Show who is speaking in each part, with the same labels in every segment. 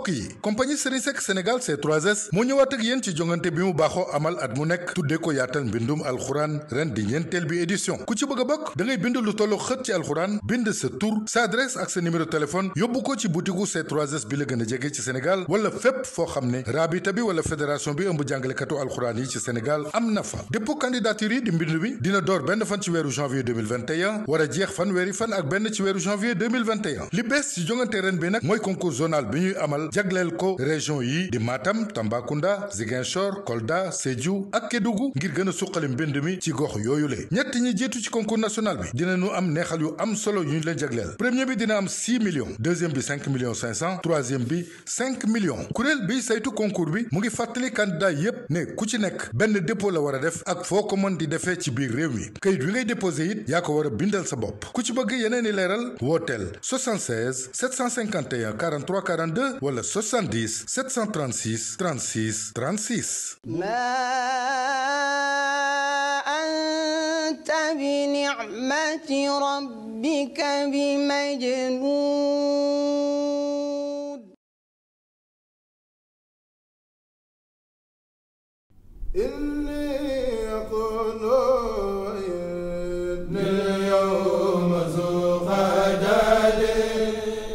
Speaker 1: mbokk yi compagnie Serigne Seck Sénégal c moo ñëwaat ak yéen ci jongante bi mu baaxoo amal at mu nekk tuddee ko yaatal mbindum alxuraan ren di ñeenteel bi édition ku ci bëgg a bokk da bind lu tollu xët ci alxuraan bind sa tur sa adresse ak sa numéro téléphone yóbbu ko ci butigu c bi la gën a jege ci Sénégal wala fépp foo xam ne raabita bi wala fédération bi ëmb jàngalekatu alxuraan yi ci Sénégal am na fa dépôt candidature yi di mbindu bi a jeex bi nag mooy concours zonal bi jagleel ko région yi di maatam Tambacounda Ziguinchor Kolda Sédhiou ak Kédougou ngir gën a suqali mbind mi ci gox yooyu le ñett ñi jiitu ci concours national bi dinañu am neexal yu am solo yu ñu leen jagleel premier bi dina am 6 millions deuxième bi 5 millions 500 troisième bi 5 millions kuréel bi saytu concours bi mu ngi fàttali candidat yépp ne ku ci nekk benn dépôt la war a def ak foo ko mën di defee ci biir réew mi kayit wi ngay déposé it yaa ko war a bindal sa bopp ku ci bëgg yeneen i leeral wooteel 76 751 43 42 wala wala 70 736 36 36.
Speaker 2: اليوم ذو غداد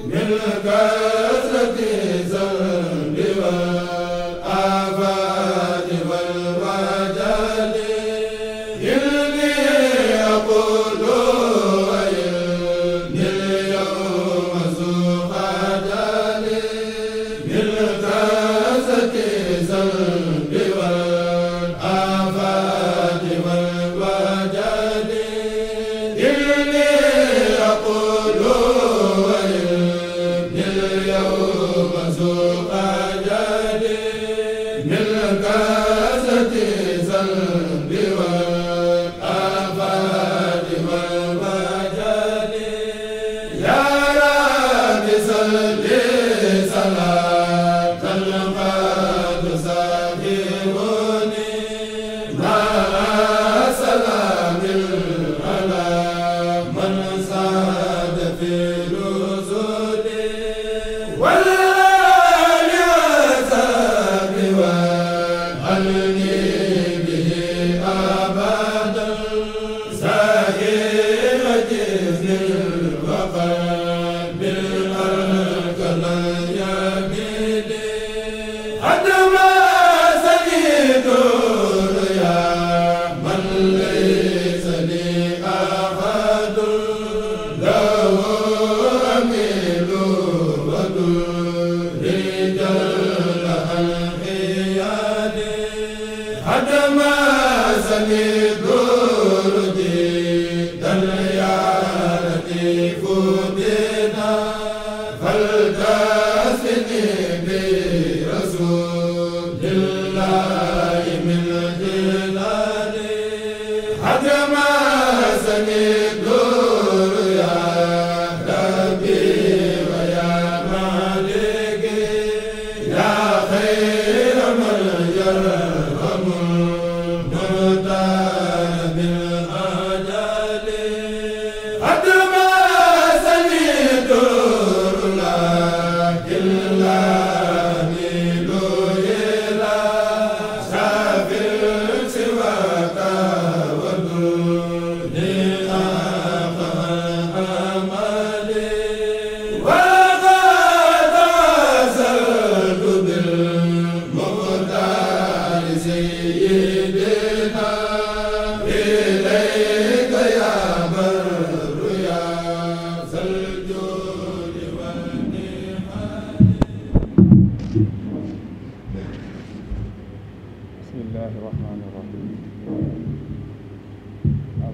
Speaker 2: من كاسة xayru sani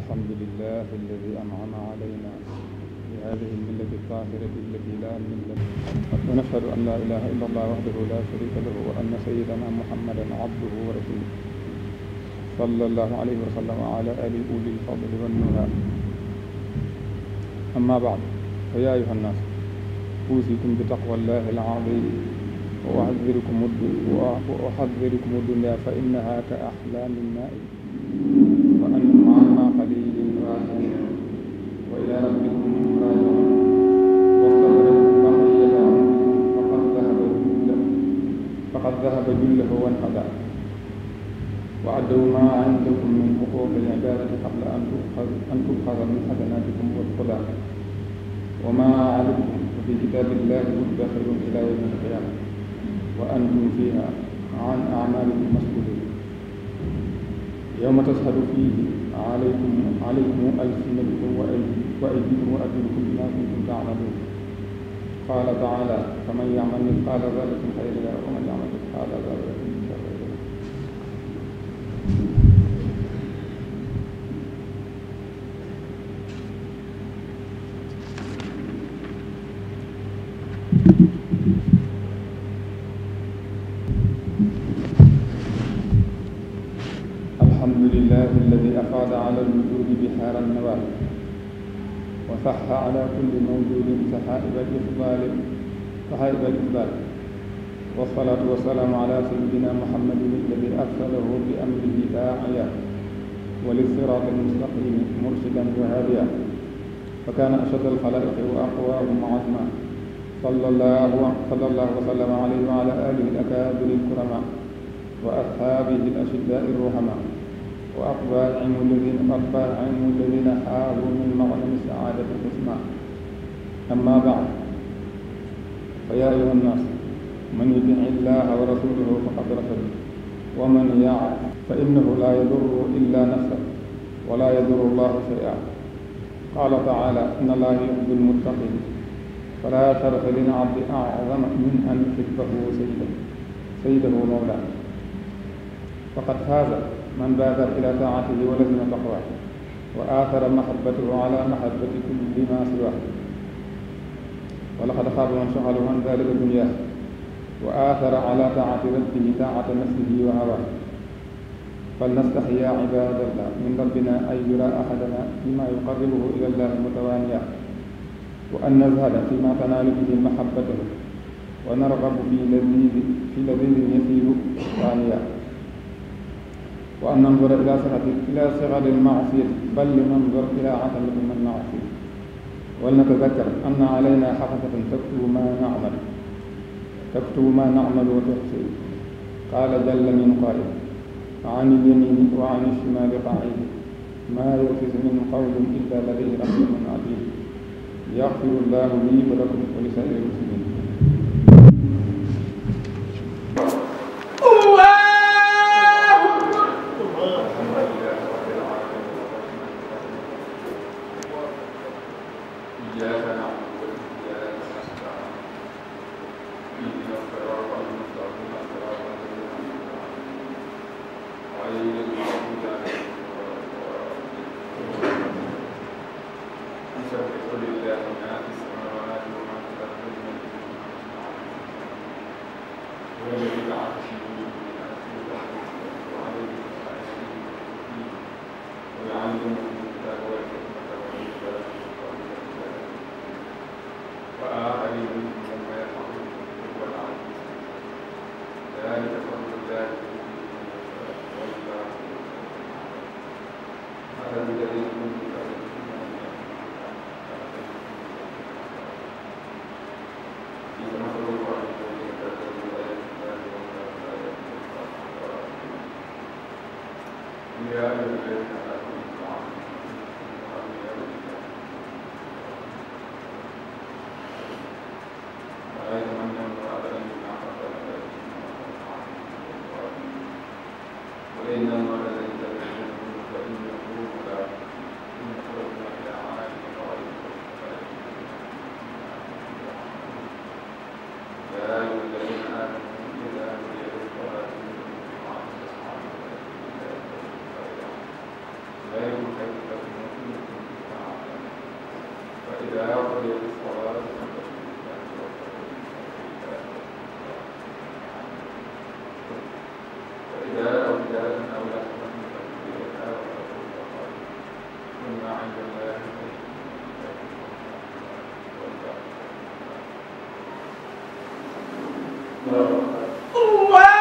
Speaker 3: الحمد لله الذي أنعم علينا بهذه الملة الطاهرة التي لا ملة ونشهد أن لا إله إلا الله وحده لا شريك له وأن سيدنا محمدا عبده ورسوله صلى الله عليه وسلم وعلى آله أولي الفضل والنهى أما بعد فيا أيها الناس أوصيكم بتقوى الله العظيم وأحذركم الدنيا فإنها كأحلام النائم تنتظرون إلى يوم القيامة وأنتم فيها عن أعمالكم مسؤولون يوم تشهد فيه عليكم عليكم ألسنتكم وأيديكم وأرجلكم بما كنتم تعملون قال تعالى فمن يعمل مثقال ذرة خيرا ومن يعمل مثقال ذرة الحمد لله الذي أفاض على الوجود بحار النوال وصح على كل موجود سحائب الإقبال سحائب الإقبال والصلاة والسلام على سيدنا محمد الذي أرسله بأمره داعيا وللصراط المستقيم مرشدا وهاديا فكان أشد الخلائق وأقواهم عزما صلى الله صلى الله وسلم عليه وعلى آله الأكابر الكرماء وأصحابه الأشداء الرحماء وأطباعهم الذين أطباعهم الذين حاربوا من مغنم السعادة الحسنى أما بعد فيا أيها الناس من يطع الله ورسوله فقد رشد ومن يعص فإنه لا يضر إلا نفسه ولا يضر الله شيئا قال تعالى إن الله يحب المتقين فلا شرف للعبد أعظم من أن يحبه سيده سيده مولاه فقد فاز man baadar ila taatihi wa lazima taqwa wa athara mahabbatahu ala mahabbati kulli ma siwa wa laqad xaaba man shaghalahu an dalika dunya wa athara ala taati rabbihi taata nafsihi wa hawa falnastaxi ya ibadallah min rabbina ay yura ahadana fima yuqarribuhu ila allah mutawaniya wa an nazhada fima tanaalu bihi mahabbatahu wa nargabu fi ladizi fi ladizi yasiru taaniya wa an nanzura ila sixati ila sixati lmaasiyati bal linanzur ila atamati min maasiya wal natadakkar anna alayna xafasatan taktubu ma namal taktubu ma namal wa tuxsi qaala jalla min qaa'il an ilyamini wa an ishimali qaa'id maa yalfizu min qawlin illa ladayhi raqibun atid yaxfiru llahu lii wa lakum wa li saa'iri lmuslimin
Speaker 4: Gracias. Yeah. waaw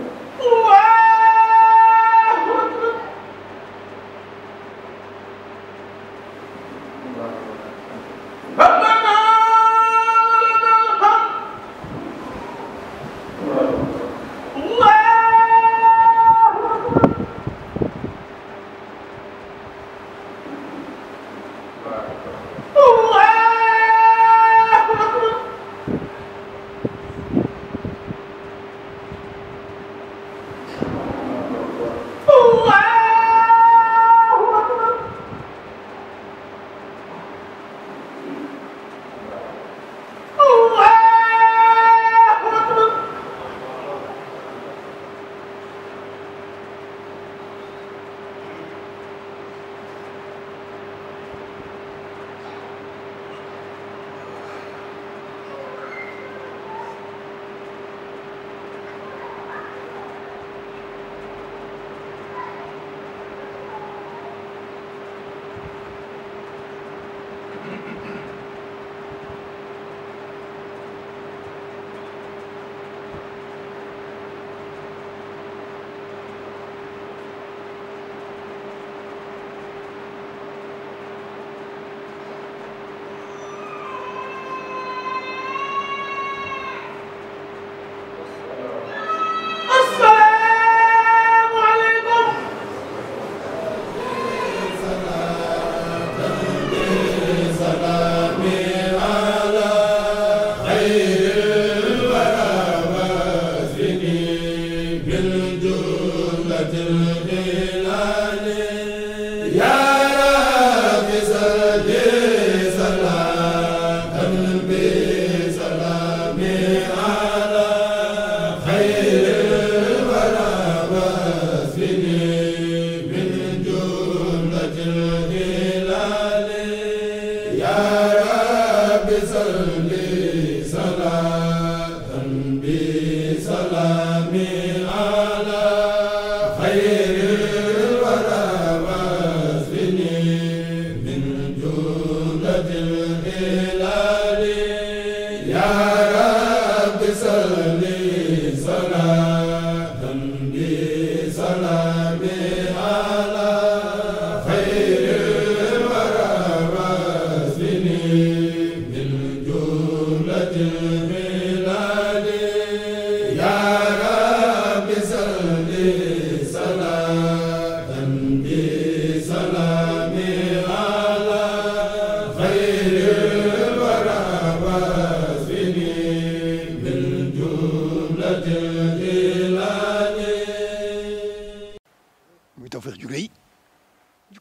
Speaker 2: salaam